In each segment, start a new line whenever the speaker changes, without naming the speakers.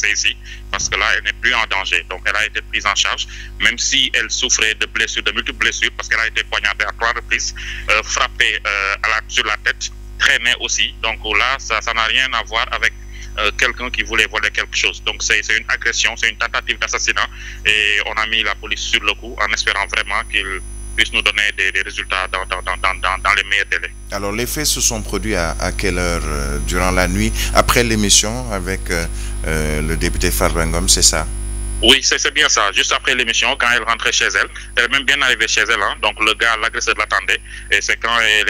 rester ici parce que là, elle n'est plus en danger. Donc, elle a été prise en charge, même si elle souffrait de blessures, de multiples blessures, parce qu'elle a été poignardée à trois reprises, euh, frappée euh, à la, sur la tête, traînée aussi. Donc là, ça n'a rien à voir avec euh, quelqu'un qui voulait voler quelque chose. Donc c'est une agression, c'est une tentative d'assassinat et on a mis la police sur le coup en espérant vraiment qu'il puisse nous donner des, des résultats dans, les meilleurs délais.
Alors, les faits se sont produits à, quelle heure euh, durant la nuit Après l'émission avec euh, euh, le député Farbangom, c'est ça
oui, c'est bien ça. après l'émission, quand elle rentrait chez elle, elle quand elle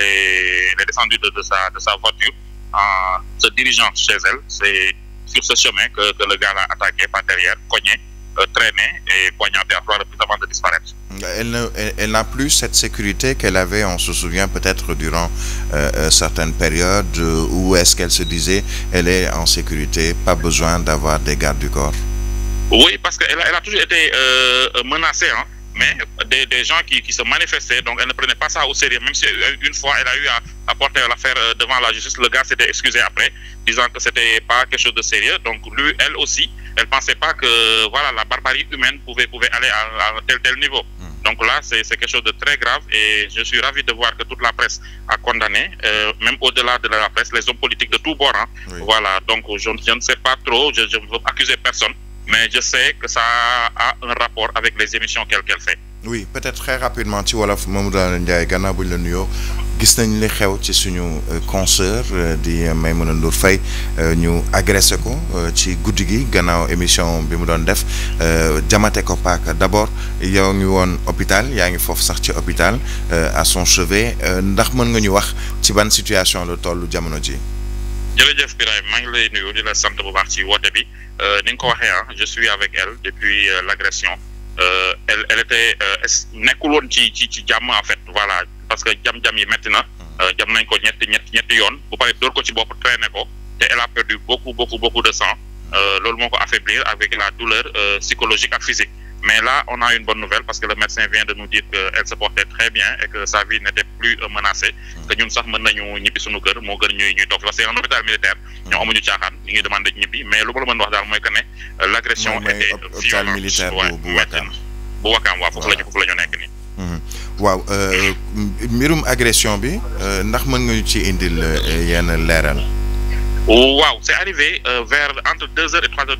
est, descendue de, sa, voiture en se dirigeant chez elle. C'est sur ce chemin que, le gars l'a par derrière, cogné, euh, et poignardé à trois reprises avant de disparaître.
elle, elle n'a plus cette sécurité qu'elle avait, on se souvient peut-être durant euh, euh certaines périodes euh, où est-ce qu'elle se disait, elle est en sécurité, pas besoin d'avoir des gardes du corps.
Oui, parce qu'elle elle a toujours été euh, euh, menacée, hein, mais des, des gens qui, qui, se manifestaient, donc elle ne prenait pas ça au sérieux, même si une fois elle a eu à, porter l'affaire devant la justice, le gars s'était excusé après, disant que c'était pas pas que voilà la barbarie humaine pouvait, Donc là, c'est quelque chose de très grave et je suis ravi de voir que toute la presse a condamné, euh, même au-delà de la presse, les hommes politiques de tous bords. Hein. Oui. Voilà, donc je, je, ne sais pas trop, je ne veux accuser personne, mais je sais que ça a un rapport avec les émissions qu'elle qu fait.
oui peut-être très rapidement ci wolof Mamadou Lamine Ndiaye gannaaw bu ñu la nuyoo gis nañ li xew ci suñu euh, consoeur euh, di may mën na Ndour fay euh, ñu agressé ko ci guddi gi gannaaw émission bi mu doon def jamate ko paaka d'abord yow ngi woon hôpital yaa ngi foofu sax ci hôpital à son chevet ndax mën nga ñu wax ci ban situation la tollu jamono ji
jërëjëf Birahim maa ngi lay nuyu di la sant bu baax ci woote bi ni nga ko waxee ah je suis avec elle depuis l'agression Euh, elle elle était euh, nekkul woon ci ci ci jàmm en fait voilà parce que jam-jam yi métti na. Mm-hmm. Euh, jam nañ ko ñetti ñetti ñetti yoon bu pare door ko ci bopp traîné ko te elle a perdu beaucoup beaucoup beaucoup de sang mm-hmm. loolu moo ko affaiblir avec la douleur psychologique ak physique. Mais là, on a une bonne nouvelle parce que le médecin vient de nous dire qu'elle se portait très bien et que sa vie n'était plus euh, menacée. te hmm. ñun sax mën nañu ñibbi suñu kër moo gën ñuy ñuy toog parce que un hôpital militaire. Hmm. ñoo amuñu caaxaan ñu ngi demandé ñibbi mais lu ma la mën wax daal mooy que ne. Euh, l'agression
était hôpital militaire bu bu
Wakaam foofu la foofu la nekk nii.
Hmm. waaw euh, mbirum agression bi ndax mën nga ñu ci indil yenn leeral.
waaw c'est arrivé vers entre deux heures et trois heures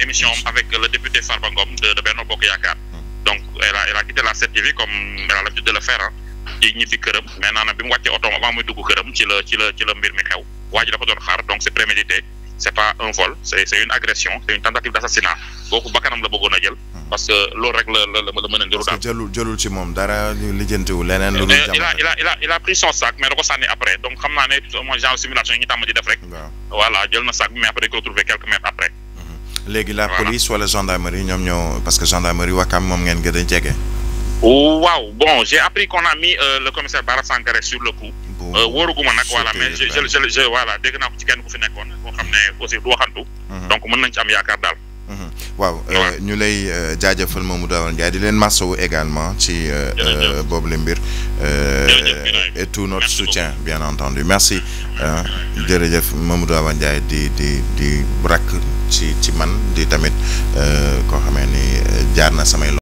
émission avec le député Farba Ngom de de Benno Bokk Yaakaar. Hmm. donc elle a elle la 7TV comme elle a de le faire ah. ci ñibbi këram bi mu wàccee otoom avant muy dugg këram ci la mbir mi xew waa ji dafa xaar donc c'est prémédité c'est pas un vol c'est une agression c'est une tentative d'assassinat kooku bakkanam la bëggoon jël. Hmm. parce que loolu rek la la la
jëlul ci moom dara lijjantiwu leneen. lu dul il
a il a pris son sac mais
léegi la police wala gendarmerie ñoom ñoo parce que gendarmerie Wakam moom ngeen gën a jege.
waaw bon j'ai appris qu'on a mis euh, le commissaire Bara Sangaré sur le coup. Euh, wóoruguma nag voilà mais je je je, je voilà dégg naa ko ci kenn ku fi nekkoon koo xam ne aussi du waxantu. Mhm. donc mën nañ ci am yaakaar daal.
Mhm. waaw euh, ñu lay euh, jaajëfal Mamadou Awa Ndiaye di leen massawu également ci boobu le mbir et tout notre soutien bien entendu merci jërëjëf Mamadou Awa Ndiaye di di di rakk ci ci man di tamit %e koo xamee ni euh, jaar na samay